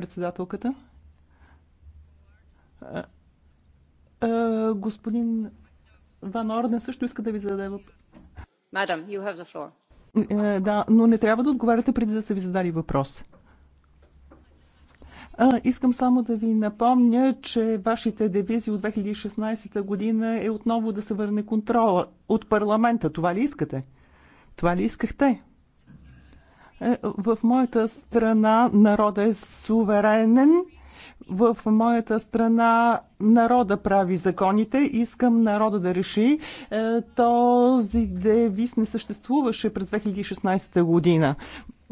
председателката. Господин Ван Орден също иска да ви зададе въпрос. Мадам, you have the floor. Е, да, но не трябва да отговаряте преди да са ви задали въпрос. А, искам само да ви напомня, че вашите девизи от 2016 година е отново да се върне контрола от парламента. Това ли искате? Това ли искахте? Е, в моята страна народа е суверенен. В моята страна народа прави законите. Искам народа да реши. Е, този девиз не съществуваше през 2016 година.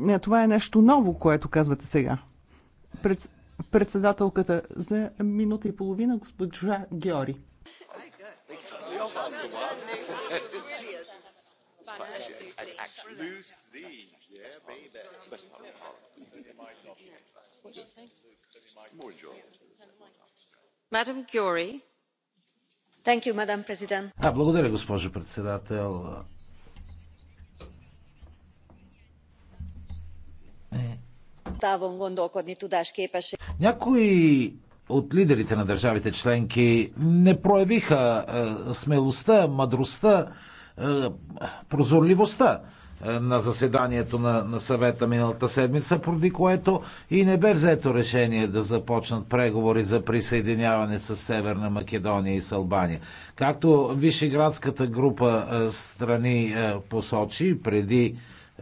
Е, това е нещо ново, което казвате сега. Пред, председателката за минута и половина госпожа Геори. Lucy. Best part of Parliament. благодаря, госпожо председател. Е. Някои от лидерите на държавите членки не проявиха е, смелостта, мъдростта, е, прозорливостта е, на заседанието на, на съвета миналата седмица, поради което и не бе взето решение да започнат преговори за присъединяване с Северна Македония и с Албания. Както Вишеградската група е, страни е, посочи преди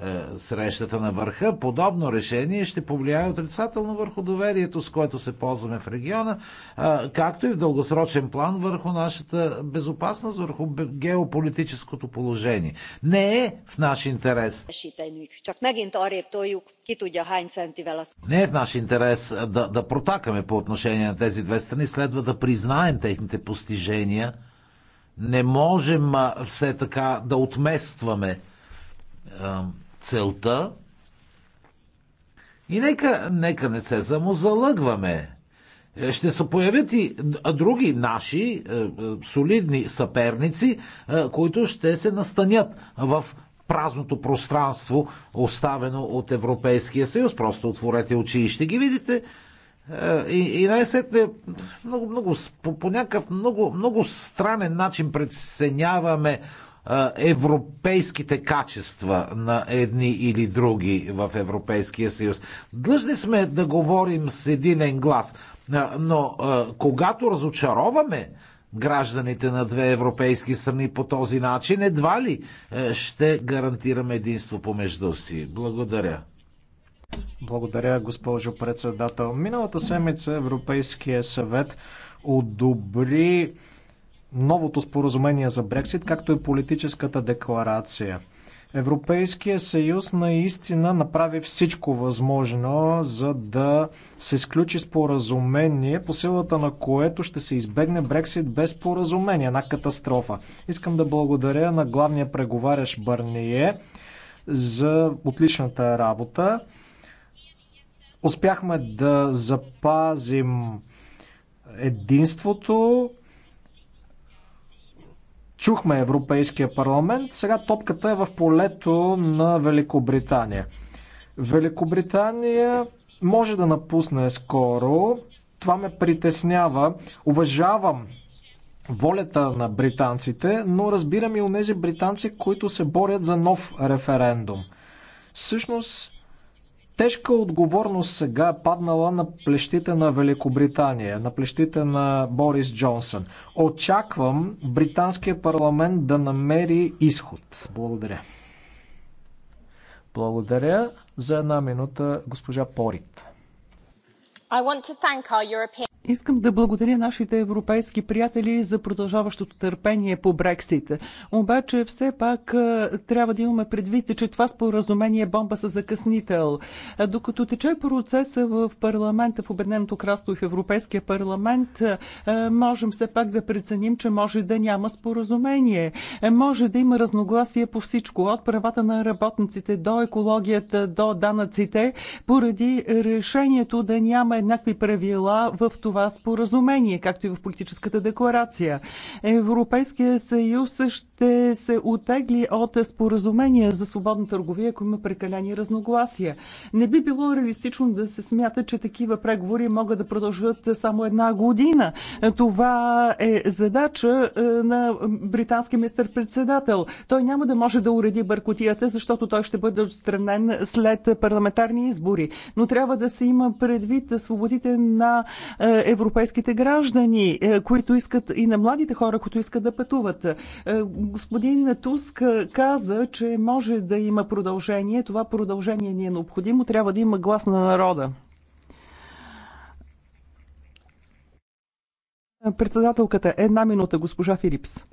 е, срещата на върха, подобно решение ще повлияе отрицателно върху доверието, с което се ползваме в региона, е, както и в дългосрочен план върху нашата безопасност, върху геополитическото положение. Не е в наш интерес. Не е в наш интерес е, да, да протакаме по отношение на тези две страни, следва да признаем техните постижения. Не можем все така да отместваме целта. И нека, нека не се самозалъгваме. Е, ще се появят и други наши е, е, солидни съперници, които ще се настанят в празното пространство, оставено от Европейския съюз. Просто отворете очи и ще ги видите. И, и най-сетне много, много, по, по някакъв много, много странен начин преценяваме европейските качества на едни или други в Европейския съюз. Длъжни сме да говорим с единен глас, но когато разочароваме гражданите на две европейски страни по този начин, едва ли ще гарантираме единство помежду си. Благодаря. Благодаря, госпожо председател. Миналата седмица Европейския съвет одобри новото споразумение за Брексит, както и политическата декларация. Европейския съюз наистина направи всичко възможно, за да се сключи споразумение, по силата на което ще се избегне Брексит без споразумение, една катастрофа. Искам да благодаря на главния преговарящ Барние за отличната работа. Успяхме да запазим единството чухме Европейския парламент, сега топката е в полето на Великобритания. Великобритания може да напусне скоро. Това ме притеснява. Уважавам волята на британците, но разбирам и у нези британци, които се борят за нов референдум. Всъщност, Тежка отговорност сега е паднала на плещите на Великобритания, на плещите на Борис Джонсън. Очаквам британския парламент да намери изход. Благодаря. Благодаря за една минута госпожа Порит. European... Искам да благодаря нашите европейски приятели за продължаващото търпение по Брексит. Обаче все пак трябва да имаме предвид, че това споразумение е бомба със закъснител. Докато тече процеса в парламента, в Обедненото кралство и в Европейския парламент, можем все пак да преценим, че може да няма споразумение. Може да има разногласие по всичко, от правата на работниците до екологията, до данъците, поради решението да няма еднакви правила в това това споразумение, както и в политическата декларация. Европейския съюз ще се отегли от споразумение за свободна търговия, ако има прекалени разногласия. Не би било реалистично да се смята, че такива преговори могат да продължат само една година. Това е задача е, на британския министър-председател. Той няма да може да уреди бъркотията, защото той ще бъде отстранен след парламентарни избори. Но трябва да се има предвид свободите на е, европейските граждани, е, които искат и на младите хора, които искат да пътуват. Е, господин Туск каза, че може да има продължение. Това продължение ни е необходимо. Трябва да има глас на народа. Председателката, една минута, госпожа Филипс.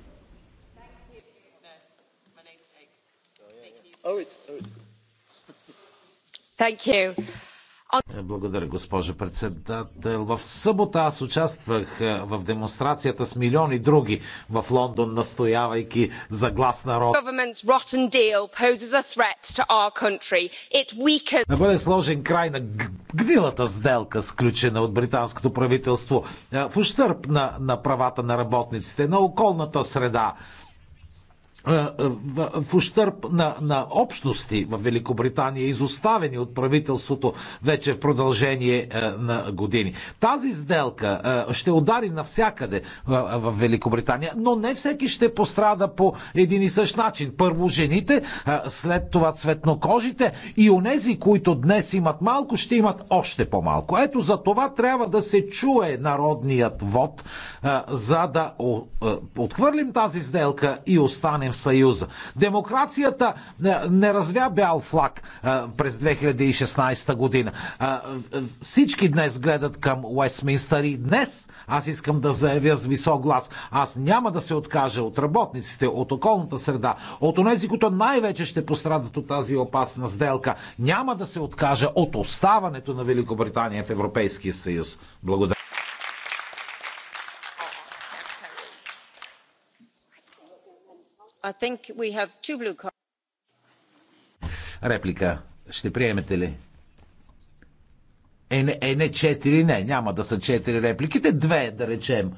Thank you. Благодаря, госпожо председател. В събота аз участвах е, в демонстрацията с милиони други в Лондон, настоявайки за глас народ. Да бъде сложен край на гнилата сделка, сключена от британското правителство, е, в ущърп на, на правата на работниците, на околната среда, е, е, в ущърп на, на общности в Великобритания, изоставени от правителството вече в продължение е, на години. Тази сделка ще удари навсякъде в Великобритания, но не всеки ще пострада по един и същ начин. Първо жените, след това цветнокожите и онези, които днес имат малко, ще имат още по-малко. Ето за това трябва да се чуе народният вод, за да отхвърлим тази сделка и останем в Съюза. Демокрацията не развя бял флаг през 2016 година. Всички днес гледат към Уестминстър и днес аз искам да заявя с висок глас. Аз няма да се откажа от работниците, от околната среда, от онези, които най-вече ще пострадат от тази опасна сделка. Няма да се откажа от оставането на Великобритания в Европейския съюз. Благодаря. Реплика. Ще приемете ли? Е, не, е, не, четири, не, няма да са четири репликите, две, да речем.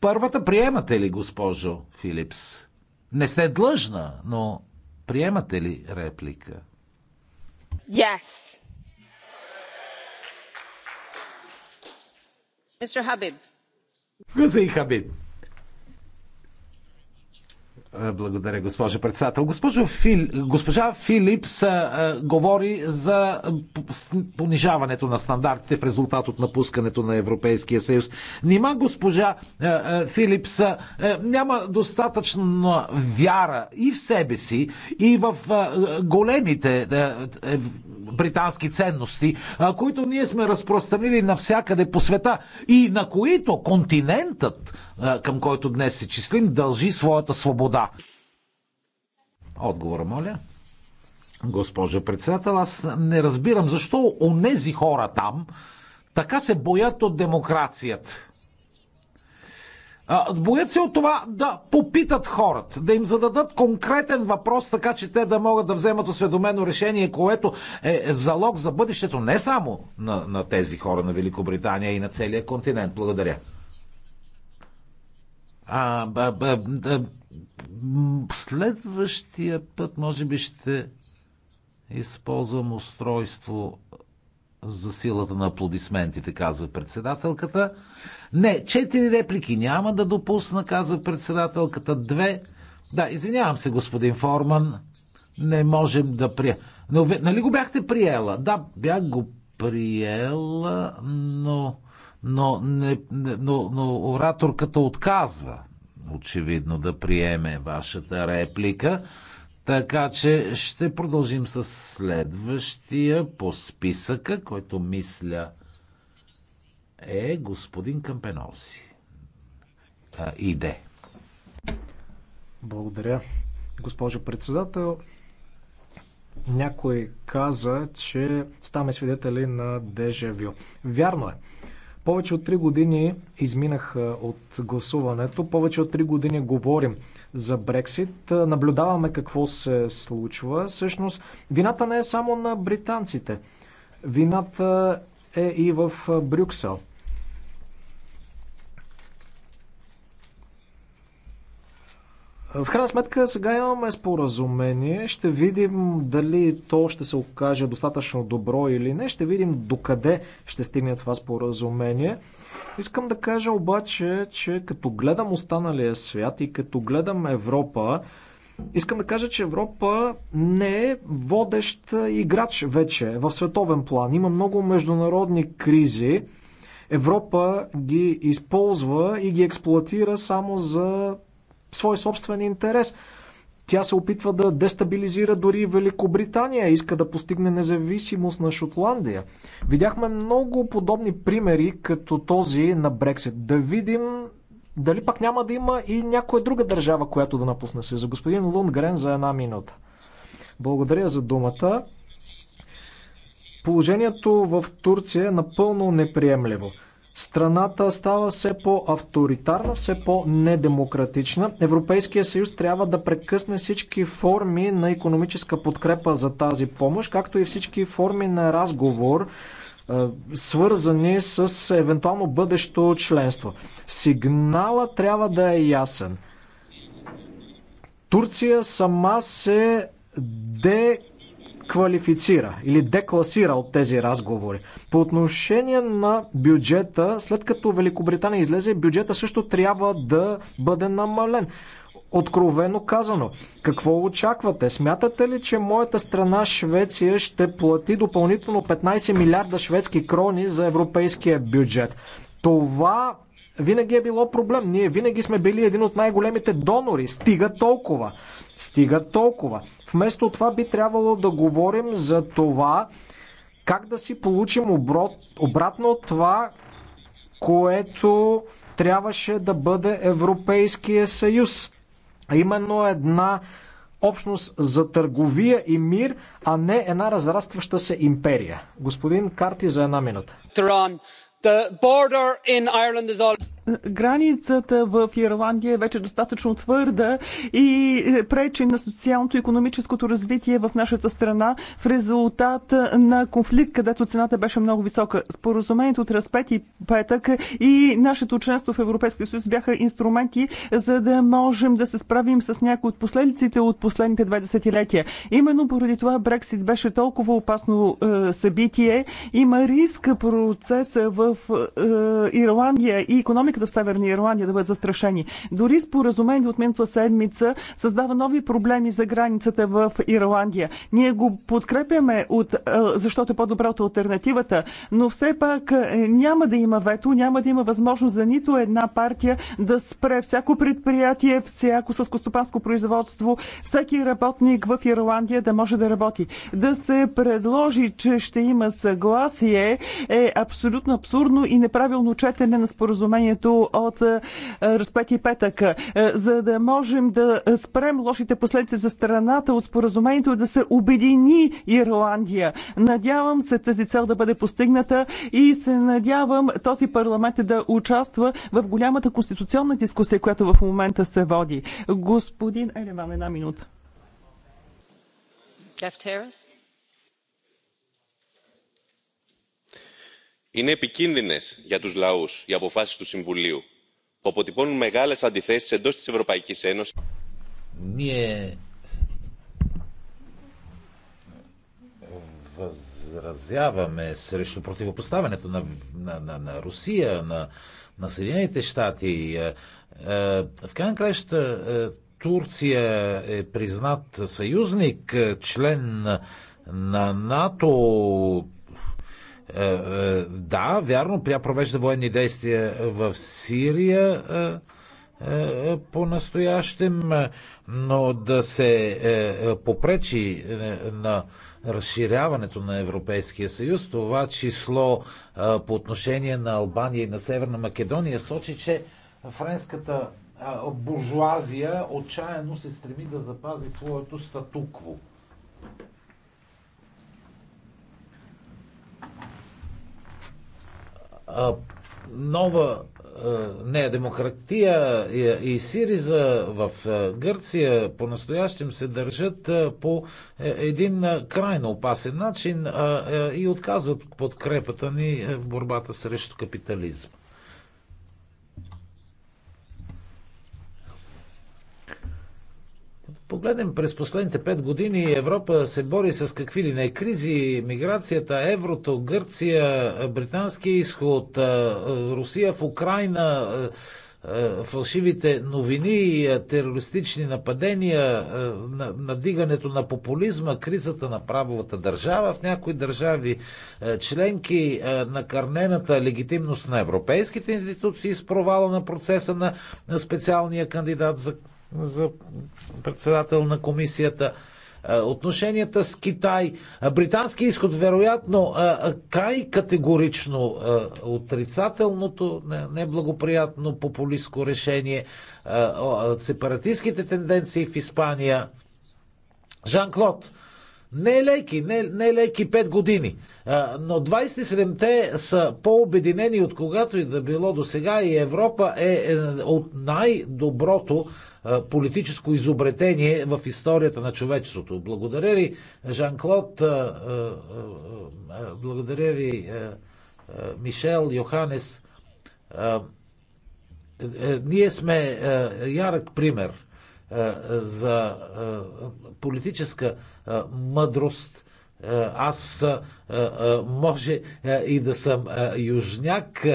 Първата приемате ли, госпожо Филипс? Не сте длъжна, но приемате ли реплика? Yes. Мистер Хабиб. Господин Хабиб. Благодаря, госпожа председател. Фил... Госпожа Филипс а, говори за понижаването на стандартите в резултат от напускането на Европейския съюз. Нима госпожа а, а, Филипс а, няма достатъчно вяра и в себе си, и в а, големите а, британски ценности, които ние сме разпространили навсякъде по света и на които континентът, към който днес се числим, дължи своята свобода. Отговора, моля. Госпожо председател, аз не разбирам защо онези хора там така се боят от демокрацията. Боят се от това да попитат хората, да им зададат конкретен въпрос, така че те да могат да вземат осведомено решение, което е залог за бъдещето не само на, на тези хора на Великобритания и на целия континент. Благодаря. А, б, б, б, следващия път, може би, ще използвам устройство за силата на аплодисментите, казва председателката. Не, четири реплики няма да допусна, казва председателката. Две. Да, извинявам се, господин Форман. Не можем да прия. Но, нали го бяхте приела? Да, бях го приела, но, но, не, но, но ораторката отказва очевидно да приеме вашата реплика. Така че ще продължим с следващия по списъка, който мисля е господин Кампеноси. А, иде. Благодаря, госпожо председател. Някой каза, че ставаме свидетели на дежавю. Вярно е. Повече от 3 години изминаха от гласуването, повече от 3 години говорим за Брексит. Наблюдаваме какво се случва. Всъщност, вината не е само на британците. Вината е и в Брюксел. В крайна сметка сега имаме споразумение. Ще видим дали то ще се окаже достатъчно добро или не. Ще видим докъде ще стигне това споразумение. Искам да кажа обаче, че като гледам останалия свят и като гледам Европа, искам да кажа, че Европа не е водещ играч вече в световен план. Има много международни кризи. Европа ги използва и ги експлуатира само за свой собствен интерес. Тя се опитва да дестабилизира дори Великобритания, иска да постигне независимост на Шотландия. Видяхме много подобни примери, като този на Брексит. Да видим дали пак няма да има и някоя друга държава, която да напусне се. За господин Лунгрен за една минута. Благодаря за думата. Положението в Турция е напълно неприемливо страната става все по-авторитарна, все по-недемократична. Европейския съюз трябва да прекъсне всички форми на економическа подкрепа за тази помощ, както и всички форми на разговор, свързани с евентуално бъдещо членство. Сигнала трябва да е ясен. Турция сама се де квалифицира или декласира от тези разговори. По отношение на бюджета, след като Великобритания излезе, бюджета също трябва да бъде намален. Откровено казано, какво очаквате? Смятате ли, че моята страна Швеция ще плати допълнително 15 милиарда шведски крони за европейския бюджет? Това винаги е било проблем. Ние винаги сме били един от най-големите донори. Стига толкова стига толкова. Вместо това би трябвало да говорим за това как да си получим оброт, обратно от това, което трябваше да бъде Европейския съюз. А именно една общност за търговия и мир, а не една разрастваща се империя. Господин Карти за една минута границата в Ирландия е вече достатъчно твърда и пречи на социалното и економическото развитие в нашата страна в резултат на конфликт, където цената беше много висока. Споразумението от разпет и петък и нашето членство в Европейския съюз бяха инструменти, за да можем да се справим с някои от последиците от последните две десетилетия. Именно поради това Брексит беше толкова опасно е, събитие. Има риск процеса в е, Ирландия и економиката в Северна Ирландия да бъдат застрашени. Дори споразумение от миналата седмица създава нови проблеми за границата в Ирландия. Ние го подкрепяме, от, защото е по-добра от альтернативата, но все пак няма да има вето, няма да има възможност за нито една партия да спре всяко предприятие, всяко съскостопанско производство, всеки работник в Ирландия да може да работи. Да се предложи, че ще има съгласие е абсолютно абсурдно и неправилно четене на споразумението времето от е, разпети петък, е, за да можем да спрем лошите последици за страната от споразумението да се обедини Ирландия. Надявам се тази цел да бъде постигната и се надявам този парламент да участва в голямата конституционна дискусия, която в момента се води. Господин Елеван, една минута. Jeff Терес. είναι επικίνδυνες για τους λαούς οι αποφάσεις του συμβουλίου που αποτυπώνουν μεγάλες αντιθέσεις εντός της Ευρωπαϊκής Ένωσης. Ние възразяваме срещу противопоставянето на, на, на, на Русия, на, на Съединените щати. Е, е, в крайна краща е, Турция е признат съюзник, член на НАТО, е, е, да, вярно, тя провежда военни действия в Сирия е, по-настоящем, но да се попречи на разширяването на Европейския съюз, това число по отношение на Албания и на Северна Македония сочи, че френската буржуазия отчаяно се стреми да запази своето статукво. нова демократия и Сириза в Гърция по-настоящем се държат по е, един крайно опасен начин и отказват подкрепата ни в борбата срещу капитализма. погледнем през последните пет години, Европа се бори с какви ли не кризи, миграцията, еврото, Гърция, британския изход, Русия в Украина, фалшивите новини, терористични нападения, надигането на популизма, кризата на правовата държава в някои държави, членки, накърнената легитимност на европейските институции с провала на процеса на специалния кандидат за за председател на комисията отношенията с Китай. Британски изход, вероятно, край категорично отрицателното, неблагоприятно популистско решение, сепаратистските тенденции в Испания. Жан-Клод, не леки, не, не леки 5 години, но 27-те са по-обединени от когато и да било до сега и Европа е, е от най-доброто политическо изобретение в историята на човечеството. Благодаря ви, Жан-Клод, благодаря ви, Мишел, Йоханес. Е, е, ние сме ярък пример за политическа мъдрост – е, аз е, е, може и да съм южняк,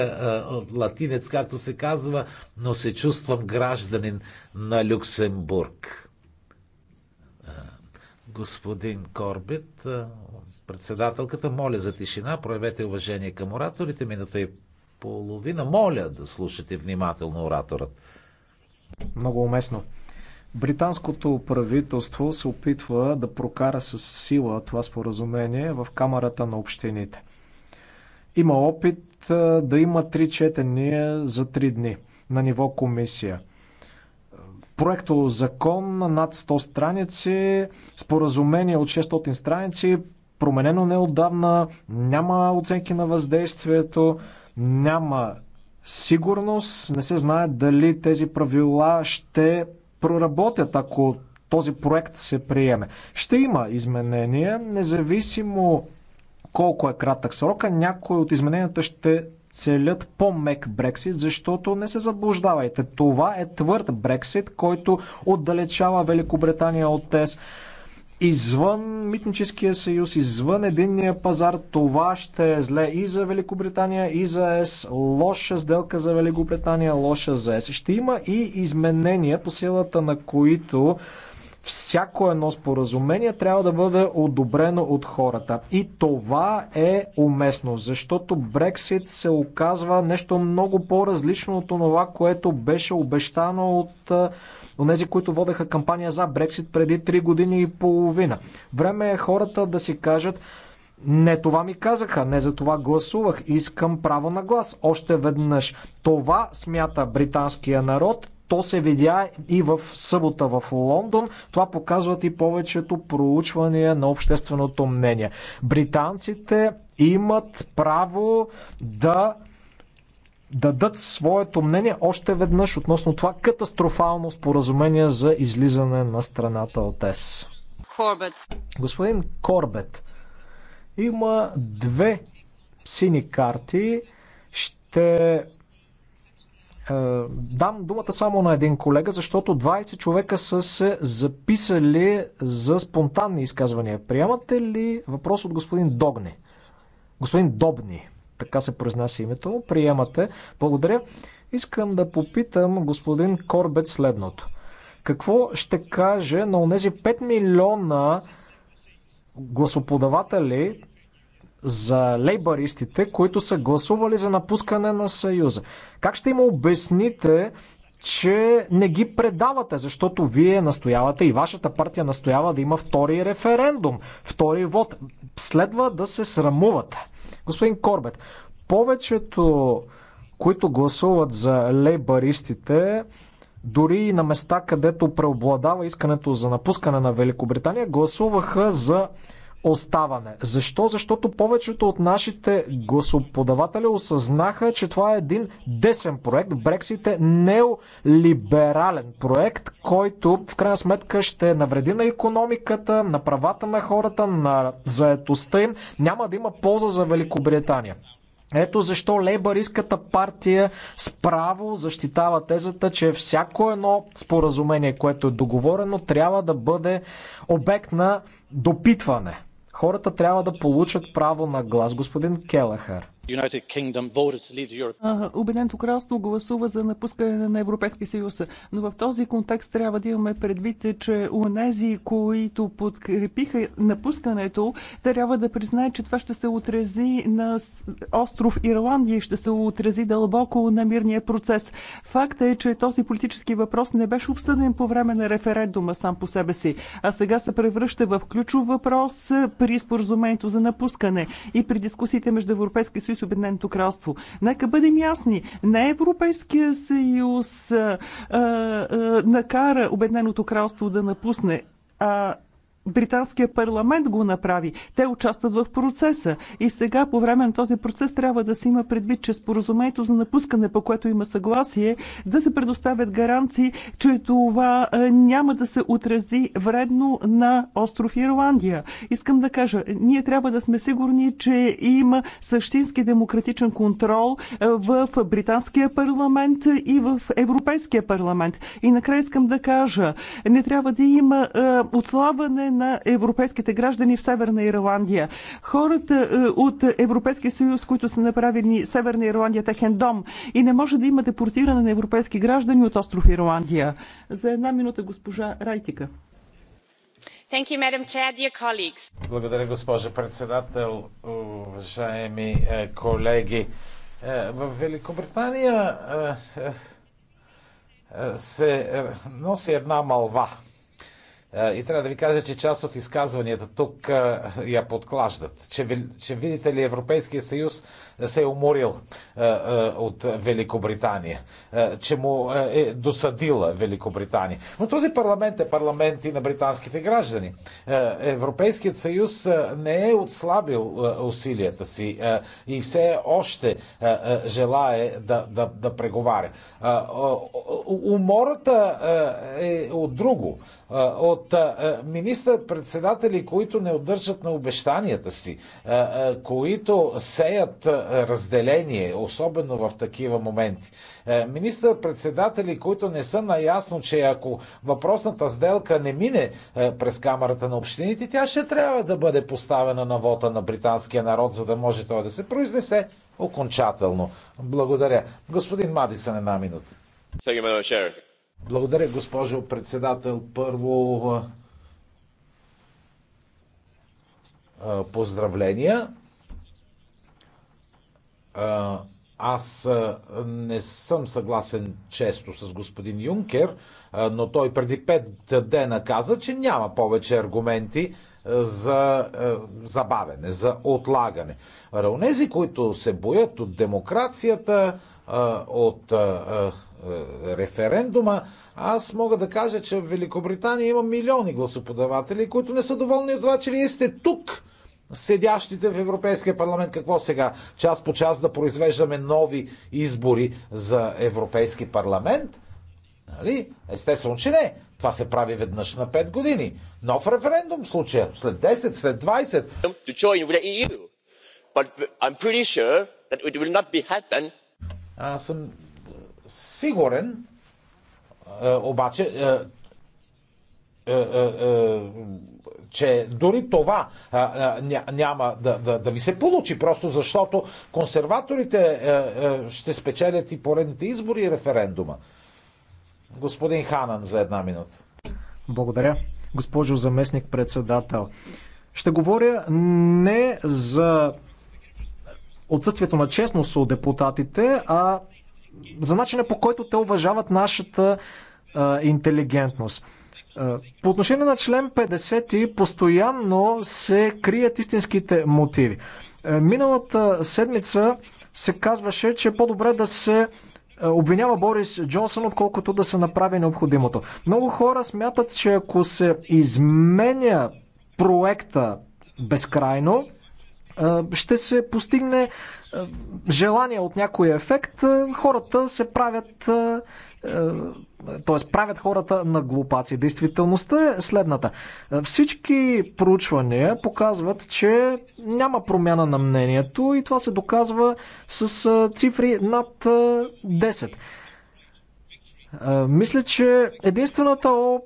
латинец, както се казва, но се чувствам гражданин на Люксембург. Господин Корбит, председателката, моля за тишина, проявете уважение към ораторите, минута и половина. Моля да слушате внимателно ораторът. Много уместно. Британското правителство се опитва да прокара с сила това споразумение в Камерата на общините. Има опит да има три четения за три дни на ниво комисия. Проекто закон на над 100 страници, споразумение от 600 страници, променено неодавна, няма оценки на въздействието, няма сигурност, не се знае дали тези правила ще проработят, ако този проект се приеме. Ще има изменения, независимо колко е кратък срока, някои от измененията ще целят по-мек Брексит, защото не се заблуждавайте. Това е твърд Брексит, който отдалечава Великобритания от ЕС извън митническия съюз, извън единния пазар, това ще е зле и за Великобритания, и за ЕС. Лоша сделка за Великобритания, лоша за ЕС. Ще има и изменения по силата на които всяко едно споразумение трябва да бъде одобрено от хората. И това е уместно, защото Брексит се оказва нещо много по-различно от това, което беше обещано от онези, които водеха кампания за Брексит преди 3 години и половина. Време е хората да си кажат не това ми казаха, не за това гласувах, искам право на глас. Още веднъж. Това смята британския народ, то се видя и в събота в Лондон. Това показват и повечето проучвания на общественото мнение. Британците имат право да дадат своето мнение още веднъж относно това катастрофално споразумение за излизане на страната от ЕС. Корбет. Господин Корбет, има две сини карти. Ще е, дам думата само на един колега, защото 20 човека са се записали за спонтанни изказвания. Приемате ли въпрос от господин Догни? Господин Добни така се произнася името, приемате. Благодаря. Искам да попитам господин Корбет следното. Какво ще каже на тези 5 милиона гласоподаватели за лейбаристите, които са гласували за напускане на Съюза? Как ще им обясните, че не ги предавате, защото вие настоявате и вашата партия настоява да има втори референдум, втори вод. Следва да се срамувате. Господин Корбет, повечето, които гласуват за лейбаристите, дори и на места, където преобладава искането за напускане на Великобритания, гласуваха за оставане. Защо? Защото повечето от нашите гласоподаватели осъзнаха, че това е един десен проект. Брексит е неолиберален проект, който в крайна сметка ще навреди на економиката, на правата на хората, на заетостта им. Няма да има полза за Великобритания. Ето защо лейбаристската партия справо защитава тезата, че всяко едно споразумение, което е договорено, трябва да бъде обект на допитване. Хората трябва да получат право на глас. Господин Келахър. Обединеното кралство гласува за напускане на Европейския съюз. Но в този контекст трябва да имаме предвид, че унези, които подкрепиха напускането, трябва да признаят, че това ще се отрази на остров Ирландия и ще се отрази дълбоко на мирния процес. Факт е, че този политически въпрос не беше обсъден по време на референдума сам по себе си, а сега се превръща в ключов въпрос при споразумението за напускане и при дискусиите между Европейския съюз съюз и Обединеното кралство. Нека бъдем ясни. Не Европейския съюз а, а, накара Обединеното кралство да напусне а Британския парламент го направи. Те участват в процеса. И сега, по време на този процес, трябва да се има предвид, че споразумението за напускане, по което има съгласие, да се предоставят гаранции, че това е, няма да се отрази вредно на остров Ирландия. Искам да кажа, ние трябва да сме сигурни, че има същински демократичен контрол е, в Британския парламент и в Европейския парламент. И накрая искам да кажа, не трябва да има е, отслабване на европейските граждани в Северна Ирландия. Хората е, от Европейския съюз, които са направени Северна Ирландия техен дом и не може да има депортиране на европейски граждани от остров Ирландия. За една минута госпожа Райтика. Благодаря, госпожо председател, уважаеми е, колеги. Е, в Великобритания се носи една малва – и трябва да ви кажа, че част от изказванията тук я подклаждат. Че, че видите ли, Европейския съюз се е уморил от Великобритания. Че му е досадила Великобритания. Но този парламент е парламент и на британските граждани. Европейският съюз не е отслабил усилията си и все още желае да, да, да преговаря. Умората е от друго от министър-председатели, които не отдържат на обещанията си, които сеят разделение, особено в такива моменти. Министър-председатели, които не са наясно, че ако въпросната сделка не мине през Камерата на общините, тя ще трябва да бъде поставена на вота на британския народ, за да може той да се произнесе окончателно. Благодаря. Господин Мадисън, една минута. Благодаря, госпожо председател. Първо поздравления. Аз не съм съгласен често с господин Юнкер, но той преди пет дена каза, че няма повече аргументи за забавене, за отлагане. Онези, които се боят от демокрацията, от е, референдума, аз мога да кажа, че в Великобритания има милиони гласоподаватели, които не са доволни от това, че вие сте тук, седящите в Европейския парламент. Какво сега? Час по час да произвеждаме нови избори за Европейски парламент? Нали? Естествено, че не. Това се прави веднъж на 5 години. Нов референдум в случая. След 10, след 20. E аз съм сигурен, е, обаче, е, е, че дори това няма да, да, да ви се получи, просто защото консерваторите ще спечелят и поредните избори и референдума. Господин Ханан за една минута. Благодаря. Госпожо заместник председател, ще говоря не за отсъствието на честност от депутатите, а за начина по който те уважават нашата а, интелигентност. По отношение на член 50 постоянно се крият истинските мотиви. Миналата седмица се казваше, че е по-добре да се обвинява Борис Джонсън, отколкото да се направи необходимото. Много хора смятат, че ако се изменя проекта безкрайно, ще се постигне желание от някой ефект, е, хората се правят, е, е, т.е. правят хората на глупаци. Действителността е следната. Всички проучвания показват, че няма промяна на мнението и това се доказва с цифри над 10. Мисля, че единствената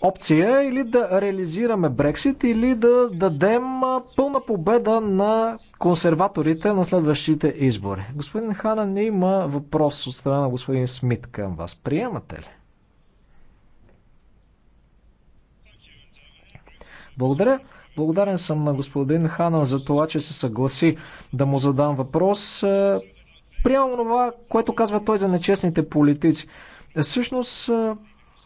опция или да реализираме Брексит, или да дадем пълна победа на консерваторите на следващите избори. Господин Хана, не има въпрос от страна на господин Смит към вас. Приемате ли? Благодаря. Благодарен съм на господин Хана за това, че се съгласи да му задам въпрос. Приемам това, което казва той за нечестните политици. Всъщност,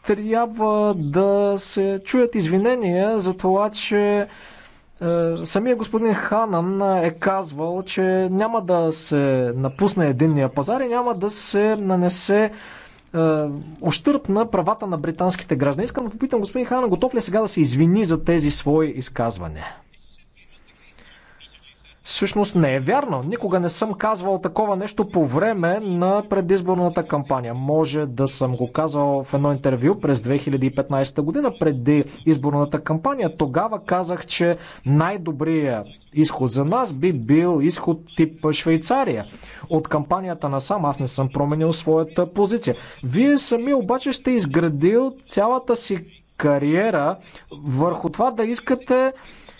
трябва да се чуят извинения за това, че е, самия господин Ханан е казвал, че няма да се напусне единния пазар и няма да се нанесе ощърп е, на правата на британските граждани. Искам да попитам господин Хана, готов ли е сега да се извини за тези свои изказвания? всъщност не е вярно. Никога не съм казвал такова нещо по време на предизборната кампания. Може да съм го казал в едно интервю през 2015 година, преди изборната кампания. Тогава казах, че най-добрият изход за нас би бил изход тип Швейцария. От кампанията на сам аз не съм променил своята позиция. Вие сами обаче сте изградил цялата си кариера върху това да искате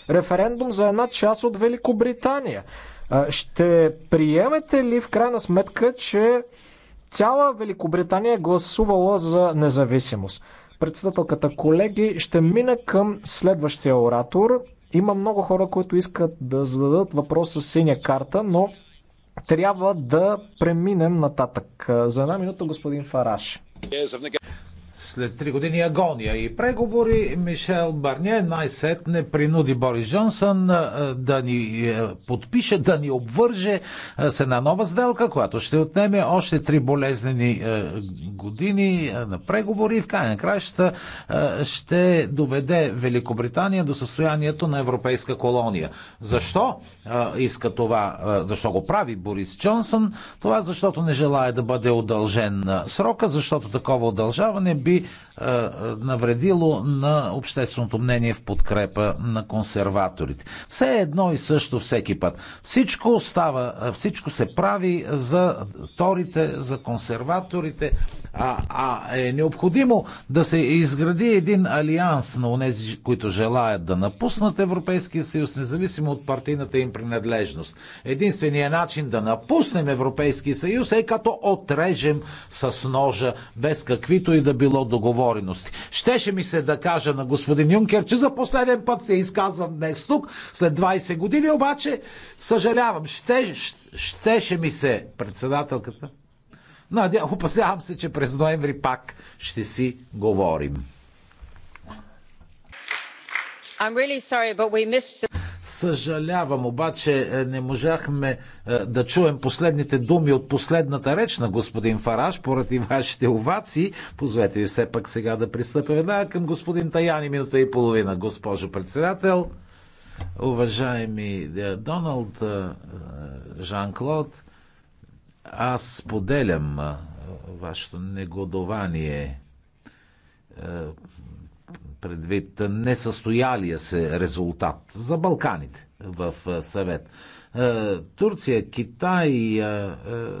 референдум за една част от Великобритания. Ще приемете ли в крайна сметка, че цяла Великобритания е гласувала за независимост? Председателката, колеги, ще мина към следващия оратор. Има много хора, които искат да зададат въпрос с синя карта, но трябва да преминем нататък. За една минута господин Фараш след три години агония и преговори, Мишел Барние най-сетне принуди Борис Джонсън да ни е, подпише, да ни обвърже с една нова сделка, която ще отнеме още три болезнени е, години е, на преговори и в крайна краща ще доведе Великобритания до състоянието на европейска колония. Защо иска това? Защо го прави Борис Джонсън? Това защото не желая да бъде удължен срока, защото такова удължаване би е, е, навредило на общественото мнение в подкрепа на консерваторите. Все едно и също всеки път. Всичко става, е, всичко се прави за торите, за консерваторите, а, а е необходимо да се изгради един алианс на тези, които желаят да напуснат Европейския съюз, независимо от партийната им принадлежност. Единственият начин да напуснем Европейския съюз е като отрежем с ножа, без каквито и да било договорености. Щеше ми се да кажа на господин Юнкер, че за последен път се изказвам днес тук, след 20 години, обаче съжалявам. Ще, ще, щеше ми се председателката. Надя, опасявам се, че през ноември пак ще си говорим. I'm really sorry, but we missed the... Съжалявам, обаче е, не можахме е, да чуем последните думи от последната реч на господин Фараш поради вашите овации. Позвете ви все пак сега да пристъпим веднага към господин Таяни, минута и половина, госпожо председател. Уважаеми е, Доналд, Жан-Клод, аз поделям вашето негодование предвид несъстоялия се резултат за Балканите в съвет. Турция, Китай,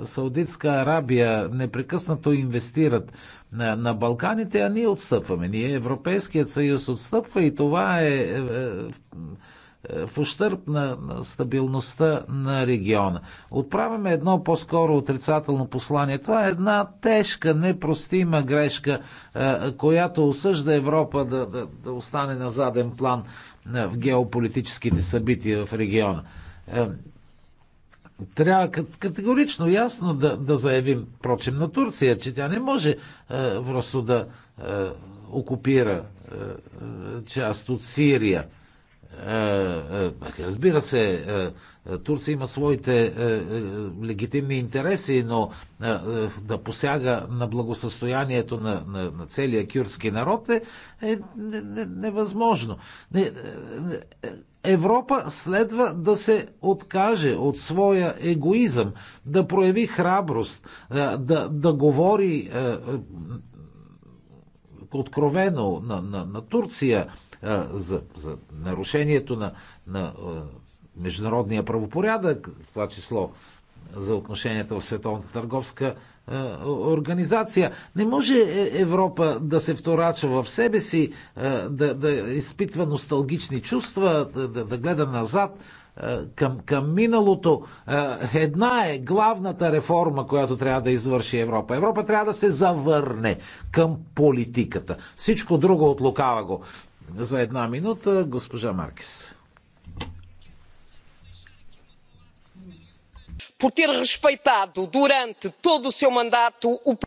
Саудитска Арабия непрекъснато инвестират на, Балканите, а ние отстъпваме. Ние Европейският съюз отстъпва и това е, е, е в ущърп на стабилността на региона. Отправяме едно по-скоро отрицателно послание. Това е една тежка, непростима грешка, е, която осъжда Европа да, да, да остане на заден план е, в геополитическите събития в региона. Е, трябва категорично, ясно да, да заявим, прочим, на Турция, че тя не може е, просто да е, окупира е, част от Сирия. Е, е, е, разбира се, Турция има своите легитимни интереси, но да посяга на благосъстоянието на, на, на целия кюрски народ е, е невъзможно. Европа следва да се откаже от своя егоизъм, да прояви храброст, да, да говори откровено на, на, на Турция за, за нарушението на, на международния правопорядък, в това число за отношенията в Световната търговска организация. Не може е, Европа да се вторачва в себе си, да, да изпитва носталгични чувства, да, да гледа назад към, към миналото. Една е главната реформа, която трябва да извърши Европа. Европа трябва да се завърне към политиката. Всичко друго отлукава го. За една минута госпожа Маркис. por ter respeitado durante todo o seu mandato o.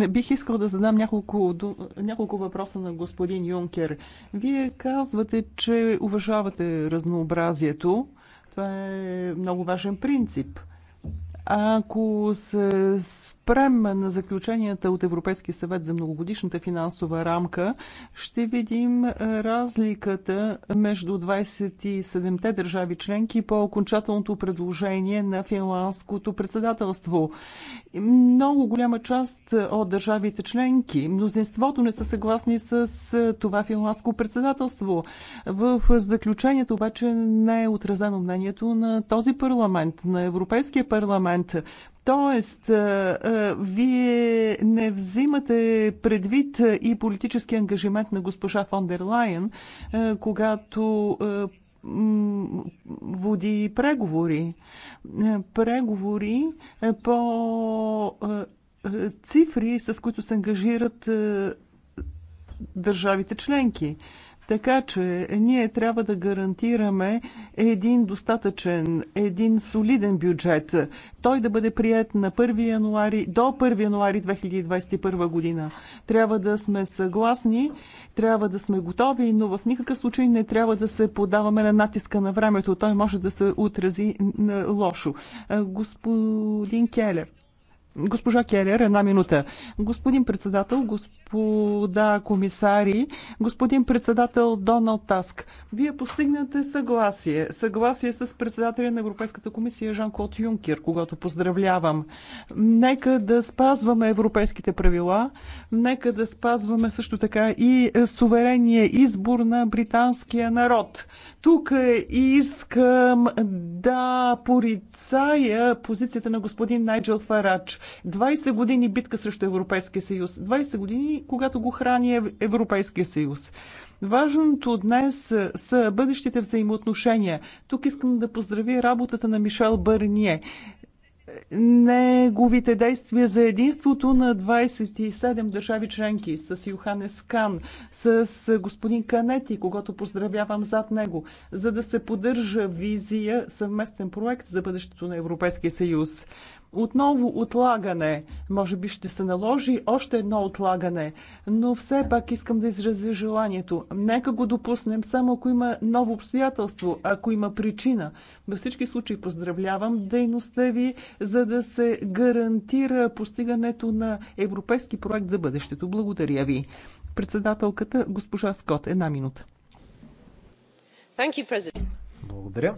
Е, бих искал да задам няколко, няколко въпроса на господин Юнкер. Вие казвате, че уважавате разнообразието. Това е много важен принцип. Ако се спрем на заключенията от Европейския съвет за многогодишната финансова рамка, ще видим е, разликата между 27-те държави членки по окончателното предложение на финландското председателство. Много голяма част от държавите членки, мнозинството не са съгласни с е, това финландско председателство. В заключението обаче не е отразено мнението на този парламент, на Европейския парламент парламент. Тоест, вие не взимате предвид и политически ангажимент на госпожа фон дер Лайен, когато води преговори. Преговори по цифри, с които се ангажират държавите членки. Така че ние трябва да гарантираме един достатъчен, един солиден бюджет. Той да бъде прият на 1 януари, до 1 януари 2021 година. Трябва да сме съгласни, трябва да сме готови, но в никакъв случай не трябва да се подаваме на натиска на времето. Той може да се отрази лошо. Господин Келер. Госпожа Келер, една минута. Господин председател, госп господа комисари, господин председател Доналд Таск, вие постигнате съгласие. Съгласие с председателя на Европейската комисия Жан-Клод Юнкер, когато поздравлявам. Нека да спазваме европейските правила, нека да спазваме също така и суверения избор на британския народ. Тук е искам да порицая позицията на господин Найджел Фарач. 20 години битка срещу Европейския съюз. 20 години когато го храни Европейския съюз. Важното днес е, са бъдещите взаимоотношения. Тук искам да поздравя работата на Мишел Бърние. Неговите действия за единството на 27 държави членки с Йоханес Кан, с господин Канети, когато поздравявам зад него, за да се поддържа визия, съвместен проект за бъдещето на Европейския съюз. Отново отлагане. Може би ще се наложи още едно отлагане, но все пак искам да изразя желанието. Нека го допуснем само ако има ново обстоятелство, ако има причина. Във всички случаи поздравлявам дейността ви, за да се гарантира постигането на европейски проект за бъдещето. Благодаря ви. Председателката госпожа Скот, една минута. Благодаря.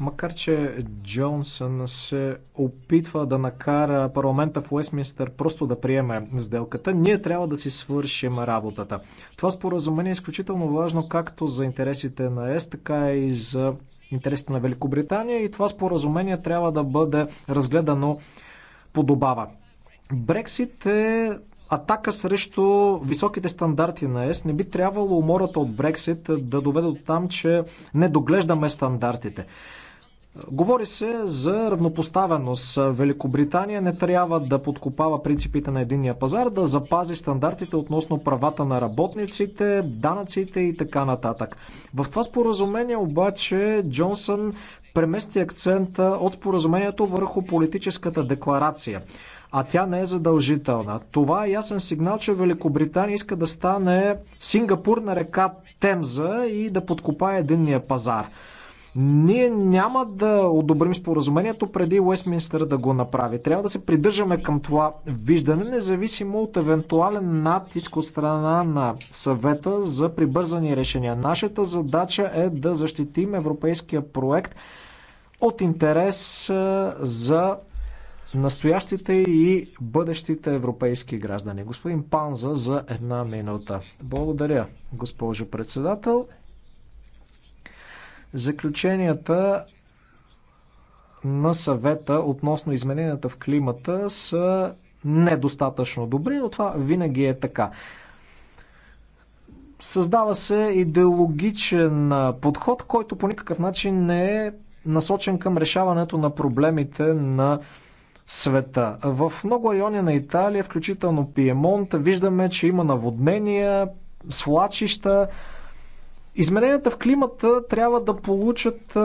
Макар, че Джонсън се опитва да накара парламента в Уестминстър просто да приеме сделката, ние трябва да си свършим работата. Това споразумение е изключително важно както за интересите на ЕС, така и за интересите на Великобритания и това споразумение трябва да бъде разгледано подобава. Брексит е атака срещу високите стандарти на ЕС. Не би трябвало умората от Брексит да доведе до там, че не доглеждаме стандартите. Говори се за равнопоставеност. Великобритания не трябва да подкопава принципите на единния пазар, да запази стандартите относно правата на работниците, данъците и така нататък. В това споразумение обаче Джонсън премести акцента от споразумението върху политическата декларация а тя не е задължителна. Това е ясен сигнал, че Великобритания иска да стане Сингапур на река Темза и да подкопае единния пазар. Ние няма да одобрим споразумението преди Уестминстър да го направи. Трябва да се придържаме към това виждане, независимо от евентуален натиск от страна на съвета за прибързани решения. Нашата задача е да защитим европейския проект от интерес за настоящите и бъдещите европейски граждани. Господин Панза за една минута. Благодаря, госпожо председател. Заключенията на съвета относно измененията в климата са недостатъчно добри, но това винаги е така. Създава се идеологичен подход, който по никакъв начин не е насочен към решаването на проблемите на света. В много райони на Италия, включително Пиемонт, виждаме, че има наводнения, свлачища, Измененията в климата трябва да получат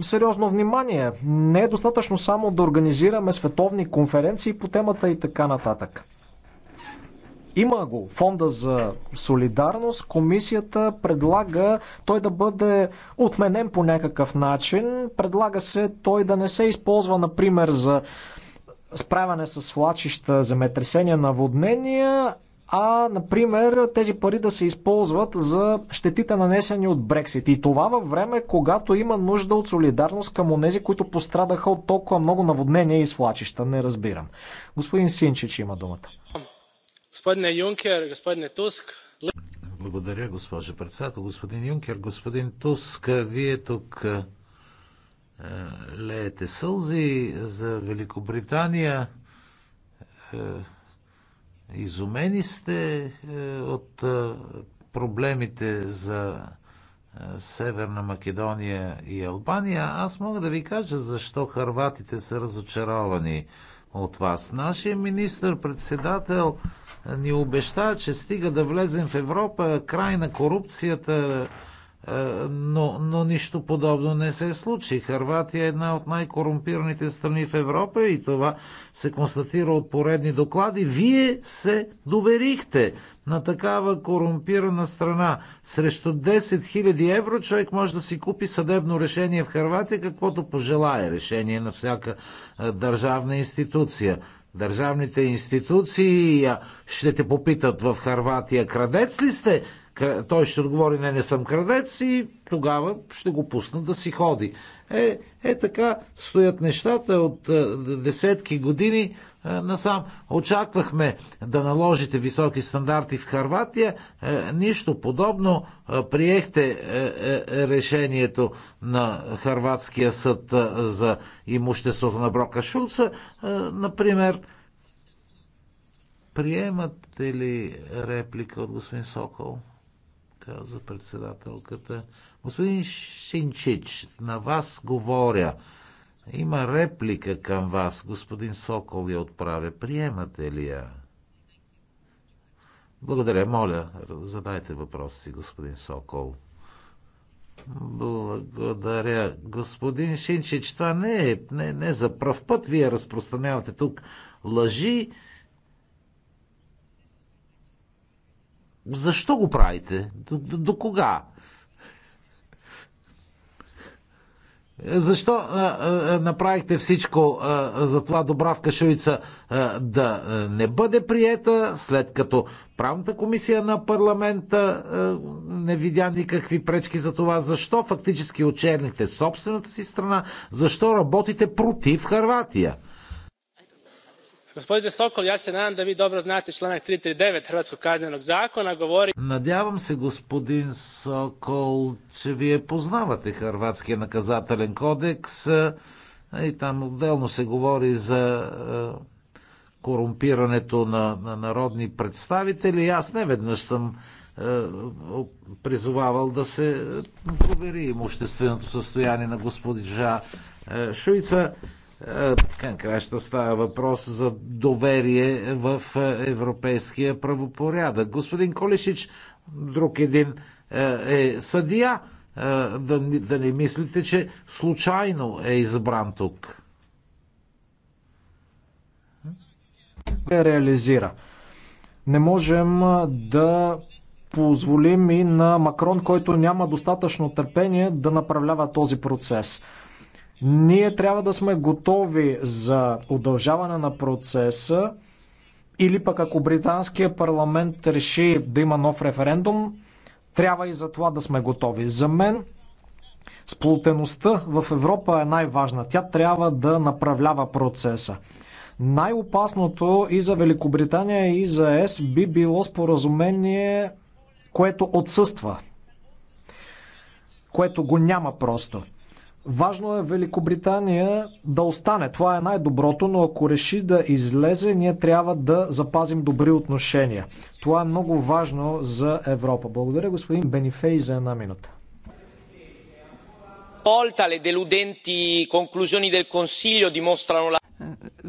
сериозно внимание. Не е достатъчно само да организираме световни конференции по темата и така нататък. Има го фонда за солидарност. Комисията предлага той да бъде отменен по някакъв начин. Предлага се той да не се използва, например, за справяне с влачища, земетресения, наводнения, а, например, тези пари да се използват за щетите нанесени от Брексит. И това във време, когато има нужда от солидарност към онези, които пострадаха от толкова много наводнения и свлачища. Не разбирам. Господин Синчич има думата. Господин Юнкер, господине Туск, благодаря, госпожо председател. Господин Юнкер, господин Туск, вие тук е, леете сълзи за Великобритания. Е, Изумени сте е, от е, проблемите за е, Северна Македония и Албания. Аз мога да ви кажа защо харватите са разочаровани от вас. Нашия министр-председател ни обеща, че стига да влезем в Европа, край на корупцията, е, но, но нищо подобно не се случи. Харватия е една от най-корумпираните страни в Европа и това се констатира от поредни доклади. Вие се доверихте на такава корумпирана страна. Срещу 10 000 евро човек може да си купи съдебно решение в Харватия, каквото пожелае решение на всяка е, държавна институция държавните институции ще те попитат в Харватия, крадец ли сте? той ще отговори, не, не съм крадец и тогава ще го пуснат да си ходи. Е, е така стоят нещата от е, десетки години е, насам. Очаквахме да наложите високи стандарти в Харватия. Е, нищо подобно. Приехте решението на Харватския съд за имуществото на Брока Шулца. Например, приемате ли реплика от господин Сокол? каза председателката. Господин Шинчич, на вас говоря. Има реплика към вас. Господин Сокол я отправя. Приемате ли я? Благодаря. Моля, задайте въпрос си, господин Сокол. Благодаря. Господин Шинчич, това не е не, не за пръв път. Вие разпространявате тук лъжи Защо го правите? До, до, до кога? Защо а, а, направихте всичко а, за това в Шуица а, да а, не бъде приета, след като правната комисия на парламента а, не видя никакви пречки за това? Защо фактически очернихте собствената си страна? Защо работите против Харватия? Gospodine Sokol, ja se nadam da vi dobro znate članak nine Hrvatskog kaznenog zakona govori... Надявам се, господин Сокол, че вие познавате хърватския наказателен кодекс и там отделно се говори за корумпирането на, на народни представители. Аз не веднъж съм призовавал да се провери имущественото състояние на госпожа Шуйца. Е, така ще става въпрос за доверие в е, европейския правопорядък. Господин Колешич, друг един е, е съдия. Да, да не мислите, че случайно е избран тук. Се реализира. Не можем да позволим и на Макрон, който няма достатъчно търпение да направлява този процес. Ние трябва да сме готови за удължаване на процеса или пък ако британския парламент реши да има нов референдум, трябва и за това да сме готови. За мен сплутеността в Европа е най-важна. Тя трябва да направлява процеса. Най-опасното и за Великобритания, и за ЕС би било споразумение, което отсъства. Което го няма просто. Важно е Великобритания да остане. Това е най-доброто, но ако реши да излезе, ние трябва да запазим добри отношения. Това е много важно за Европа. Благодаря господин Бенифей за една минута.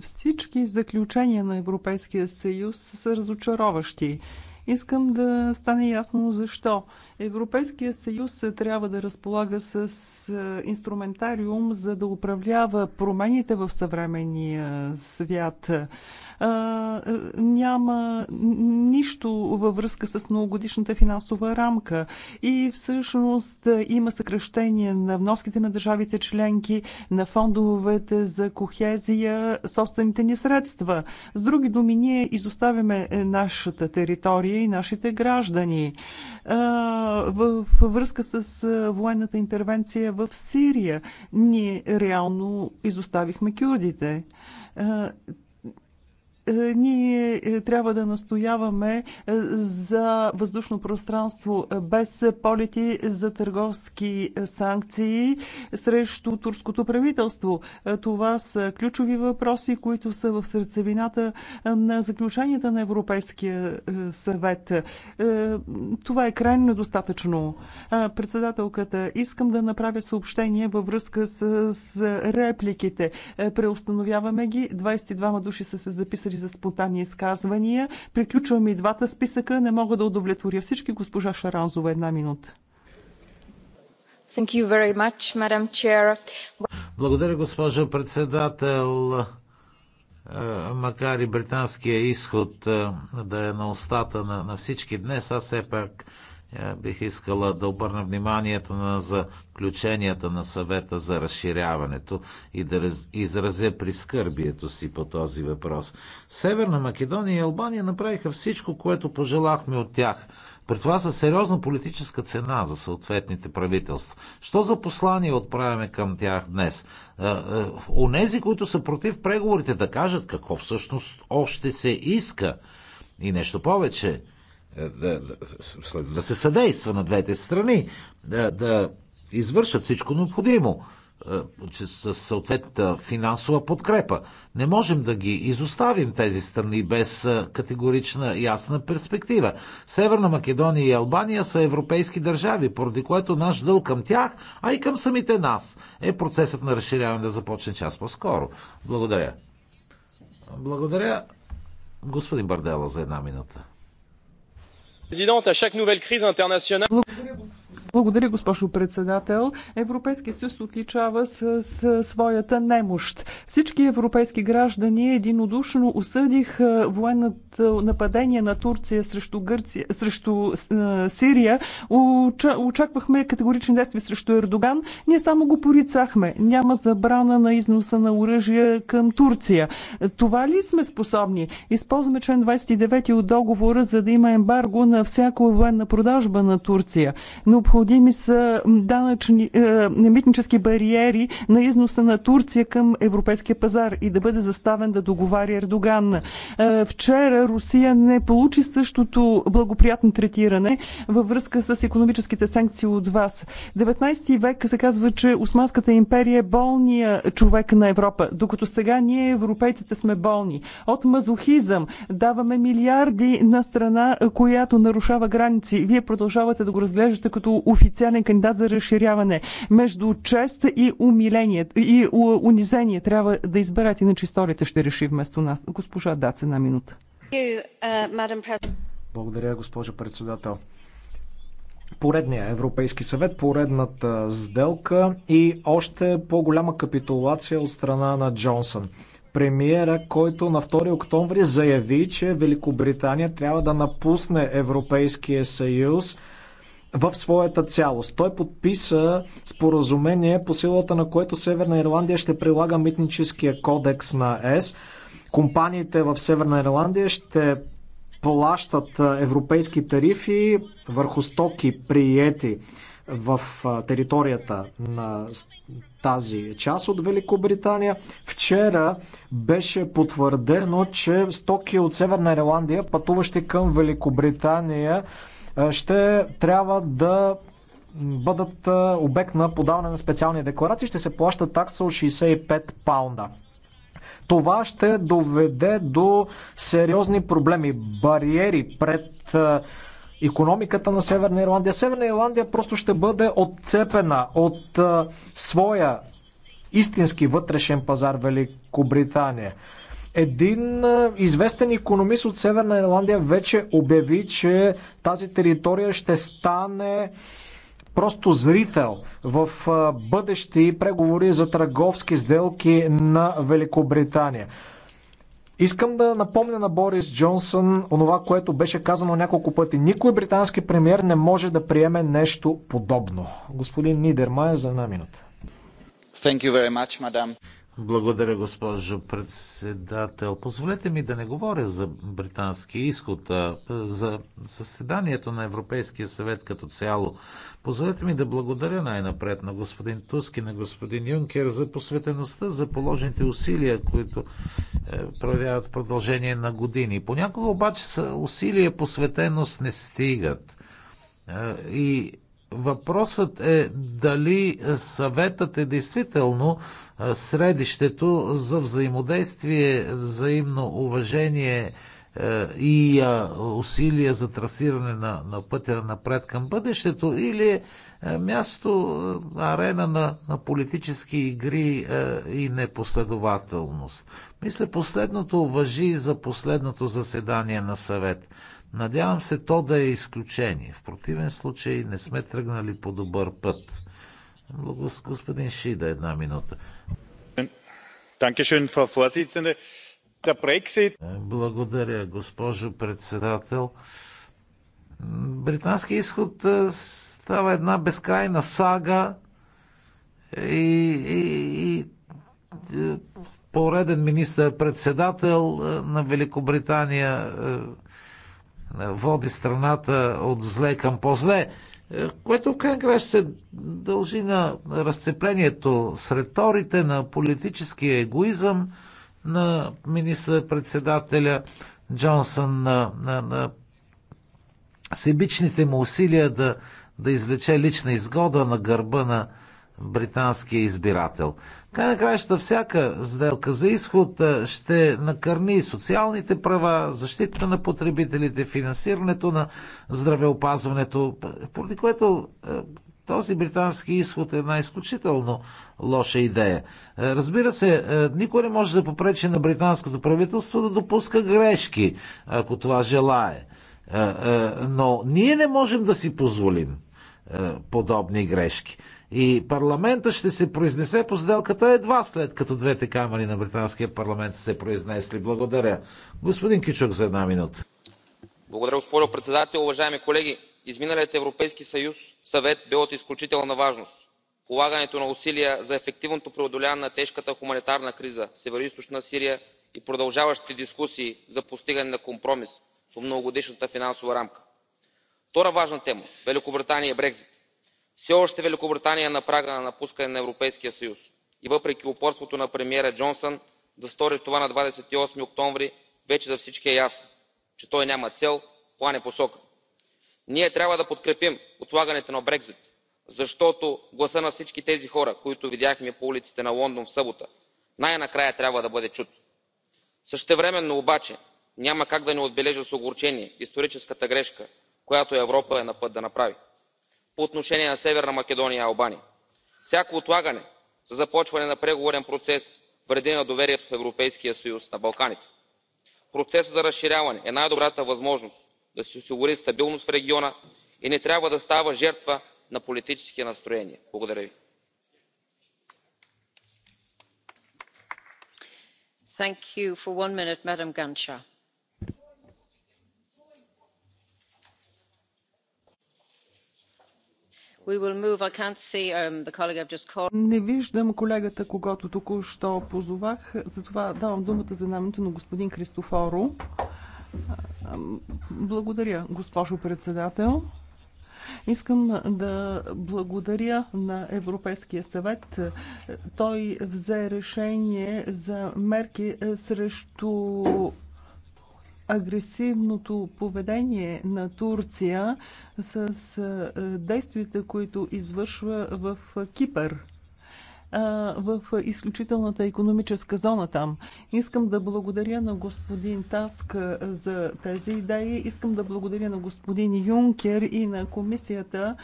Всички заключения на Европейския съюз са разочароващи. Искам да стане ясно защо. Европейския съюз трябва да разполага с е, инструментариум, за да управлява промените в съвременния свят. Е, е, няма нищо във връзка с многогодишната финансова рамка и всъщност има съкръщение на вноските на държавите членки, на фондовете за кохезия, собствените ни средства. С други думи, ние изоставяме нашата територия и нашите граждани във връзка с военната интервенция в Сирия. Ние реално изоставихме кюрдите. Е, ние е, трябва да настояваме е, за въздушно пространство без полети за търговски санкции срещу турското правителство. Това са ключови въпроси, които са в сърцевината на заключенията на Европейския съвет. Това е крайно недостатъчно. Председателката, искам да направя съобщение във връзка с репликите. Преустановяваме ги. 22 души са се записали записали за спонтанни изказвания. Приключвам и двата списъка. Не мога да удовлетворя всички. Госпожа Шаранзова, една минута. Much, Благодаря, госпожо председател. Е, макар и британския изход е, да е на устата на, на всички днес, аз все пак е, бих искала да обърна вниманието на заключенията на съвета за разширяването и да изразя прискърбието си по този въпрос. Северна Македония и Албания направиха всичко, което пожелахме от тях. При това са сериозна политическа цена за съответните правителства. Що за послание отправяме към тях днес? Е, е, онези, които са против преговорите, да кажат какво всъщност още се иска. И нещо повече, е, да, да, да се съдейства на двете страни, да, да извършат всичко необходимо е, че с съответната финансова подкрепа. Не можем да ги изоставим тези страни без е, категорична ясна перспектива. Северна Македония и Албания са европейски държави, поради което наш дълг към тях, а и към самите нас е процесът на разширяване да започне час по-скоро. Благодаря. Благодаря господин Бардела за една минута. Благодаря, благодаря, госпожо председател. Европейския съюз отличава с, с своята немощ. Всички европейски граждани единодушно осъдих военното нападение на Турция срещу, Гърция, срещу е, Сирия. Оча, очаквахме категорични действия срещу Ердоган. Ние само го порицахме. Няма забрана на износа на оръжия към Турция. Това ли сме способни? Използваме член 29 от договора, за да има ембарго на всяко военна продажба на Турция. Необходимо необходими са данъчни, е, митнически бариери на износа на Турция към европейския пазар и да бъде заставен да договаря Ердоган. Е, вчера Русия не получи същото благоприятно третиране във връзка с економическите санкции от вас. 19 век се казва, че Османската империя е болния човек на Европа, докато сега ние, европейците, сме болни. От мазохизъм даваме милиарди на страна, която нарушава граници. Вие продължавате да го разглеждате като официален кандидат за разширяване. Между чест и умиление и унизение трябва да изберат, иначе историята ще реши вместо нас. Госпожа Дац, една минута. Uh, Благодаря, госпожо председател. Поредния Европейски съвет, поредната сделка и още по-голяма капитулация от страна на Джонсън премиера, който на 2 октомври заяви, че Великобритания трябва да напусне Европейския съюз в своята цялост. Той подписа споразумение, по силата на което Северна Ирландия ще прилага митническия кодекс на ЕС. Компаниите в Северна Ирландия ще плащат европейски тарифи върху стоки, приети в територията на тази част от Великобритания. Вчера беше потвърдено, че стоки от Северна Ирландия, пътуващи към Великобритания, е, ще трябва да бъдат е, обект на подаване на специални декларации, ще се плаща такса от 65 паунда. Това ще доведе до сериозни проблеми, бариери пред економиката на Северна Ирландия. Северна Ирландия просто ще бъде отцепена от е, своя истински вътрешен пазар Великобритания. Един известен економист от Северна Ирландия вече обяви, че тази територия ще стане просто зрител в бъдещи преговори за търговски сделки на Великобритания. Искам да напомня на Борис Джонсън онова, което беше казано няколко пъти. Никой британски премьер не може да приеме нещо подобно. Господин Нидермайер за една минута. Thank you very much, madam. Благодаря, госпожо председател. Позволете ми да не говоря за британски изход, а за съседанието на Европейския съвет като цяло. Позволете ми да благодаря най-напред на господин Туски, и на господин Юнкер за посветеността, за положените усилия, които е, проявяват в продължение на години. Понякога обаче усилия посветеност не стигат. Е, и Въпросът е дали съветът е действително средището за взаимодействие, взаимно уважение е, и усилия за трасиране на, на пътя напред към бъдещето или е, е място, арена на, на политически игри и непоследователност. Мисля, последното въжи за последното заседание на съвет. Надявам се то да е изключение. В противен случай не сме тръгнали по добър път. Господин Шида, една минута. Е, благодаря, госпожо председател. Британския изход е, става една безкрайна сага и, и, и е, пореден министър-председател на Великобритания е, води страната от зле към по-зле, е, което в крайна се дължи на разцеплението с реторите, на политическия егоизъм на министър-председателя Джонсън, на, на, на себичните му усилия да, да извлече лична изгода на гърба на британския избирател. Край на краища всяка сделка за изход ще накърни социалните права, защита на потребителите, финансирането на здравеопазването, поради което този британски изход е една изключително лоша идея. Разбира се, никой не може да попречи на британското правителство да допуска грешки, ако това желае. Но ние не можем да си позволим е, подобни грешки. И парламента ще се произнесе по сделката едва след като двете камери на британския парламент са се произнесли. Благодаря. Господин Кичок за една минута. Благодаря, госпожо председател. Уважаеми колеги, изминалият Европейски съюз съвет бе от изключителна важност. Полагането на усилия за ефективното преодоляване на тежката хуманитарна криза в Североизточна Сирия и продължаващите дискусии за постигане на компромис по многогодишната финансова рамка втора важна тема великобритания и брекзит. все още великобритания е на прага на напускане на европейския съюз и въпреки упорството на премиера джонсън да стори това на 28 октомври вече за всички е ясно че той няма цел план и посока. ние трябва да подкрепим отлагането на брекзит защото гласа на всички тези хора които видяхме по улиците на лондон в събота най накрая трябва да бъде чут. същевременно обаче няма как да не отбележа с огорчение историческата грешка която европа е на път да направи по отношение на северна македония и албания. всяко отлагане за започване на преговорен процес вреди на доверието в европейския съюз на балканите. процесът за разширяване е най добрата възможност да се осигури стабилност в региона и не трябва да става жертва на политически настроения. благодаря ви. Thank you for one minute, Madam Ganshaw. Um, Не виждам колегата, когато току-що позовах, затова давам думата за намето на господин Кристофоро. Благодаря, госпожо председател. Искам да благодаря на Европейския съвет. Той взе решение за мерки срещу агресивното поведение на Турция с действията, които извършва в Кипър в изключителната економическа зона там. Искам да благодаря на господин Таск за тези идеи. Искам да благодаря на господин Юнкер и на комисията,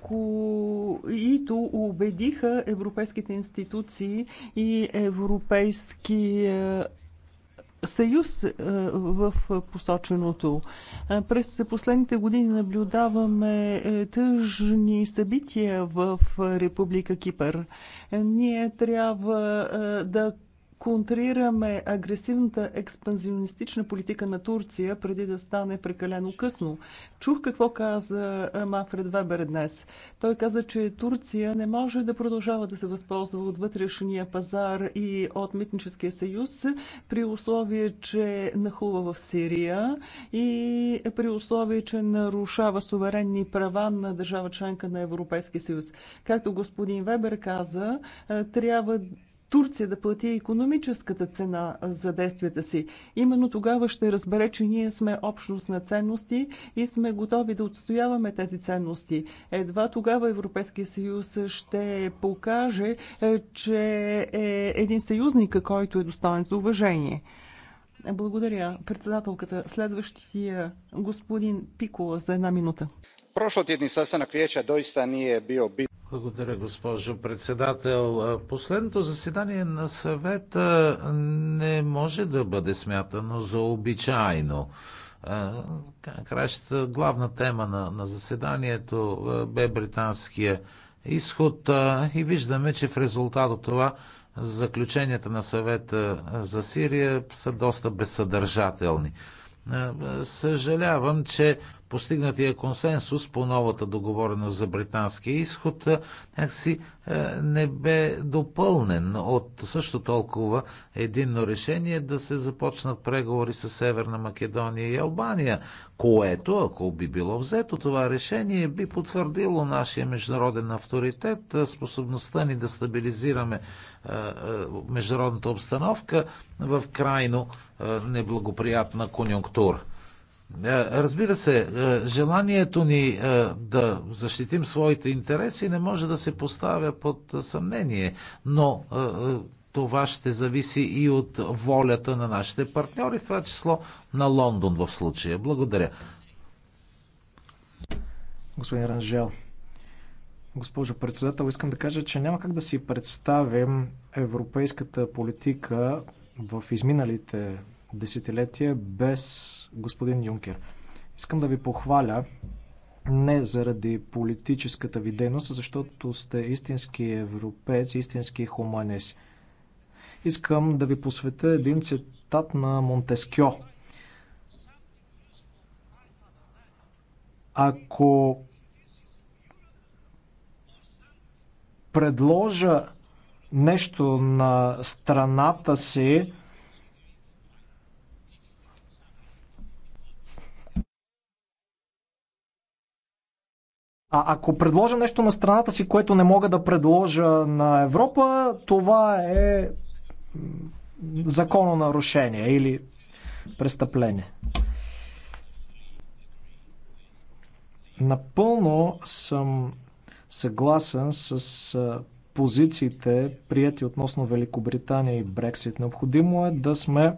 които убедиха европейските институции и европейски съюз е, в посоченото. Е, през последните години наблюдаваме е, тъжни събития в Република Кипър. Ние трябва да контрираме агресивната експанзионистична политика на Турция преди да стане прекалено късно. Чух какво каза Мафред Вебер днес. Той каза, че Турция не може да продължава да се възползва от вътрешния пазар и от митническия съюз при условие, че нахува в Сирия и при условие, че нарушава суверенни права на държава членка на Европейския съюз. Както господин Вебер каза, трябва Турция да плати економическата цена за действията си. Именно тогава ще разбере, че ние сме общност на ценности и сме готови да отстояваме тези ценности. Едва тогава Европейския съюз ще покаже, е, че е един съюзник, който е достоен за уважение. Благодаря. Председателката, следващия господин Пикола за една минута. Прошлотjedni sastanak vijeća doista е бил бит. Благодаря, госпожо председател. Последното заседание на съвета не може да бъде смятано за обичайно. Кращата главна тема на, на заседанието бе британския изход и виждаме, че в резултат от това заключенията на съвета за Сирия са доста безсъдържателни. Съжалявам, че постигнатия консенсус по новата договореност за британския изход някакси е, не бе допълнен от също толкова единно решение да се започнат преговори с Северна Македония и Албания, което, ако би било взето това решение, би потвърдило нашия международен авторитет, способността ни да стабилизираме международната обстановка в крайно неблагоприятна конюнктура. Е, разбира се, е, желанието ни е, да защитим своите интереси не може да се поставя под съмнение, но това ще зависи и от волята на нашите партньори, в това число на Лондон в случая. Благодаря. Господин Ранжел, госпожо председател, искам да кажа, че няма как да си представим европейската политика в изминалите десетилетие без господин Юнкер. Искам да ви похваля не заради политическата ви дейност, защото сте истински европеец, истински хуманист. Искам да ви посветя един цитат на Монтескьо. Ако предложа нещо на страната си, А ако предложа нещо на страната си, което не мога да предложа на Европа, това е нарушение или престъпление. Напълно съм съгласен с позициите, прияти относно Великобритания и Брексит. Необходимо е да сме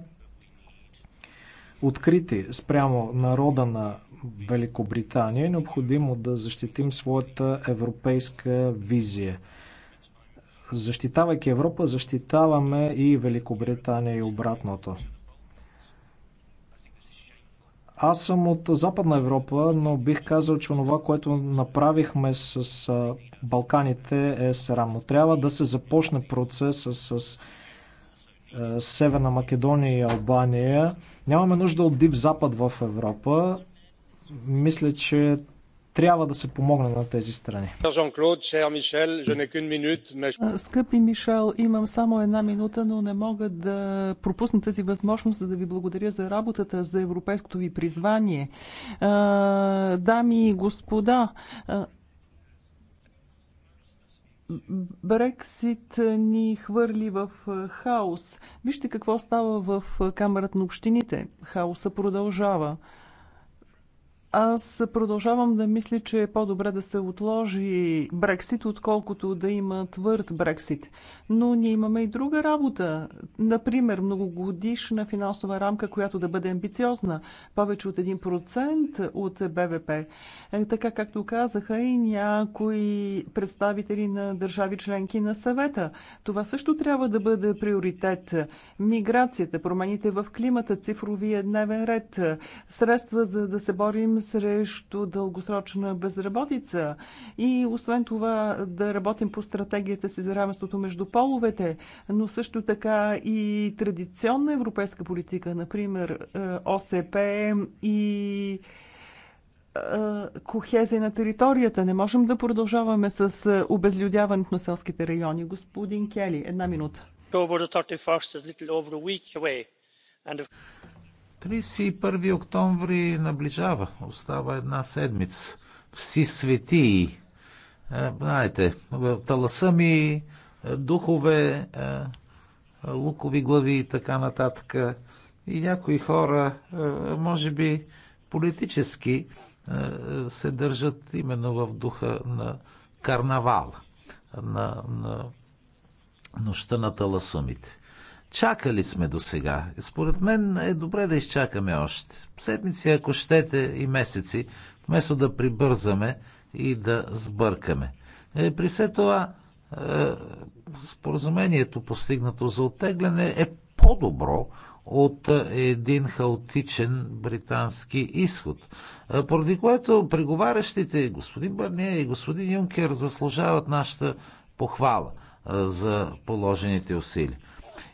открити спрямо народа на Великобритания е необходимо да защитим своята европейска визия. Защитавайки Европа, защитаваме и Великобритания и обратното. Аз съм от Западна Европа, но бих казал, че това, което направихме с Балканите е срамно. Трябва да се започне процеса с Северна Македония и Албания. Нямаме нужда от див запад в Европа мисля, че трябва да се помогне на тези страни. Скъпи Мишел, имам само една минута, но не мога да пропусна тази възможност, за да ви благодаря за работата, за европейското ви призвание. Дами и господа, Брексит ни хвърли в хаос. Вижте какво става в Камерата на общините. Хаоса продължава. Аз продължавам да мисля, че е по-добре да се отложи Брексит, отколкото да има твърд Брексит. Но ние имаме и друга работа. Например, многогодишна финансова рамка, която да бъде амбициозна. Повече от 1% от БВП. Е, така както казаха и някои представители на държави членки на съвета. Това също трябва да бъде приоритет. Миграцията, промените в климата, цифровия дневен ред, средства за да се борим срещу дългосрочна безработица и освен това да работим по стратегията си за равенството между половете, но също така и традиционна европейска политика, например е, ОСП и е, кохезия на територията. Не можем да продължаваме с е, обезлюдяването на селските райони. Господин Кели, една минута. 31 октомври наближава. Остава една седмица. Вси свети. Е, знаете, таласа ми, е, духове, е, лукови глави и така нататък. И някои хора, може би политически, се държат именно в духа на карнавал, на, на нощта на таласумите. Чакали сме до сега. Според мен е добре да изчакаме още. Седмици, ако щете, и месеци, вместо да прибързаме и да сбъркаме. Е, при все това, е, споразумението, постигнато за оттегляне, е по-добро от е, един хаотичен британски изход. Е, поради което преговарящите господин Барния и господин Юнкер заслужават нашата похвала е, за положените усилия.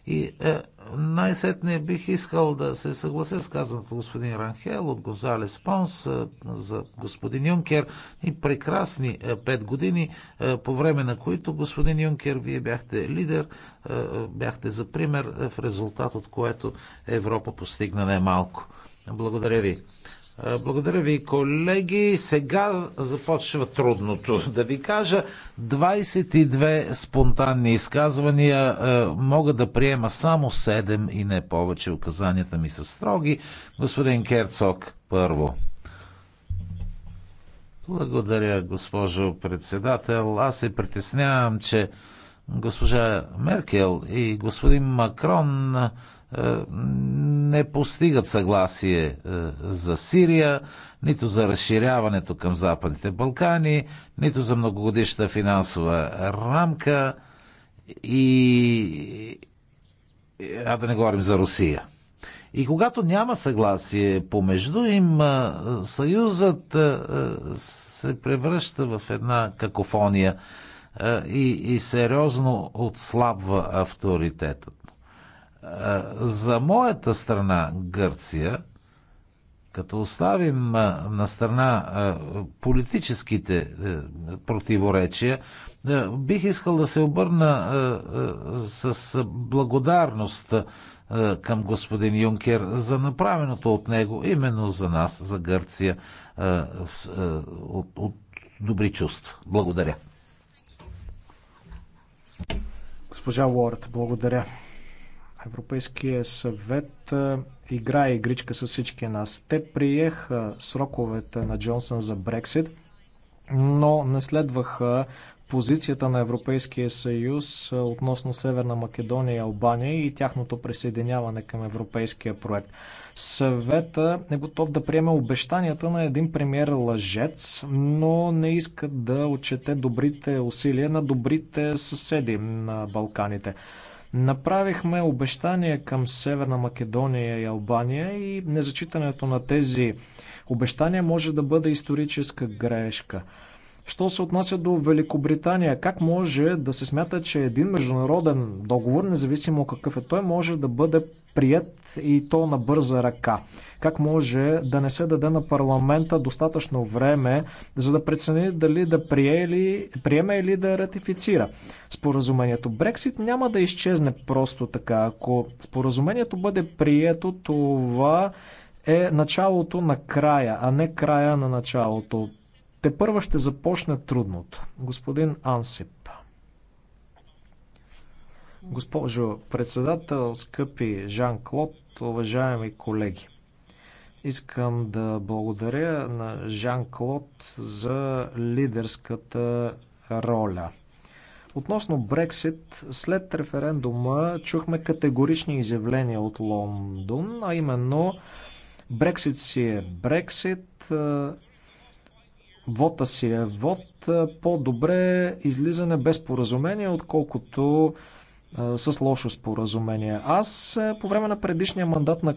И е, най-сетне бих искал да се съглася с казаното господин Ранхел от Гозалес Понс е, за господин Юнкер и прекрасни е, пет години, е, по време на които господин Юнкер, вие бяхте лидер, е, бяхте за пример, е, в резултат от което Европа постигна най-малко. Благодаря ви. Благодаря ви, колеги. Сега започва трудното. Да ви кажа, 22 спонтанни изказвания мога да приема само 7 и не повече. Указанията ми са строги. Господин Керцог, първо. Благодаря, госпожо председател. Аз се притеснявам, че госпожа Меркел и господин Макрон е, не постигат съгласие е, за Сирия, нито за разширяването към Западните Балкани, нито за многогодишната финансова рамка и... А да не говорим за Русия. И когато няма съгласие помежду им, е, съюзът се превръща в една какофония и, и сериозно отслабва авторитетът. За моята страна, Гърция, като оставим на страна политическите е, противоречия, е, бих искал да се обърна е, с благодарност към господин Юнкер за направеното от него, именно за нас, за Гърция, от, от добри чувства. Благодаря. Госпожа Уорд, благодаря. Европейския съвет играе игричка с всички нас. Те приеха сроковете на Джонсън за Брексит, но не следваха позицията на Европейския съюз относно Северна Македония и Албания и тяхното присъединяване към европейския проект. Съвета е готов да приеме обещанията на един премьер лъжец, но не иска да отчете добрите усилия на добрите съседи на Балканите. Направихме обещания към Северна Македония и Албания и незачитането на тези обещания може да бъде историческа грешка. Що се отнася до Великобритания, как може да се смята, че един международен договор, независимо какъв е той, може да бъде прият и то на бърза ръка. Как може да не се даде на парламента достатъчно време, за да прецени дали да прие или, приеме или да ратифицира споразумението? Брексит няма да изчезне просто така. Ако споразумението бъде прието, това е началото на края, а не края на началото. Те първа ще започне трудното. Господин Ансип. Госпожо председател, скъпи Жан-Клод, уважаеми колеги. Искам да благодаря на Жан-Клод за лидерската роля. Относно Брексит, след референдума чухме категорични изявления от Лондон, а именно Брексит си е Брексит, вота си е вод, по-добре излизане без поразумение, отколкото с лошо споразумение. Аз е, по време на предишния мандат на